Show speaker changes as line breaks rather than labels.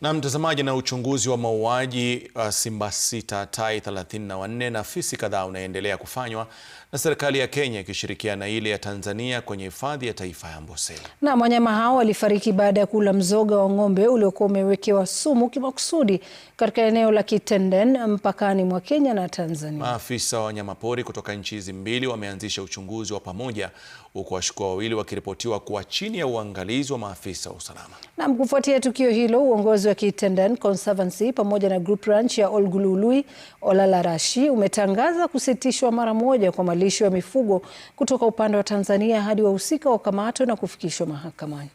Na mtazamaji, na uchunguzi wa mauaji uh, simba sita, tai 34 na fisi kadhaa unaendelea kufanywa na serikali ya Kenya ikishirikiana na ile ya Tanzania kwenye hifadhi ya taifa ya Amboseli.
Na wanyama hao walifariki baada ya kula mzoga wa ng'ombe uliokuwa umewekewa sumu kimakusudi katika eneo la Kitenden mpakani mwa Kenya na Tanzania.
Maafisa wa wanyamapori kutoka nchi hizi mbili wameanzisha uchunguzi wa pamoja huku washukiwa wawili wakiripotiwa kuwa chini ya uangalizi wa maafisa wa usalama.
Na kufuatia tukio hilo uongozi uchunguzi wa Kitenden Conservancy pamoja na group ranch ya Olgululuy Olalarashi umetangaza kusitishwa mara moja kwa malisho ya mifugo kutoka upande wa Tanzania hadi wahusika wakamatwe na kufikishwa mahakamani.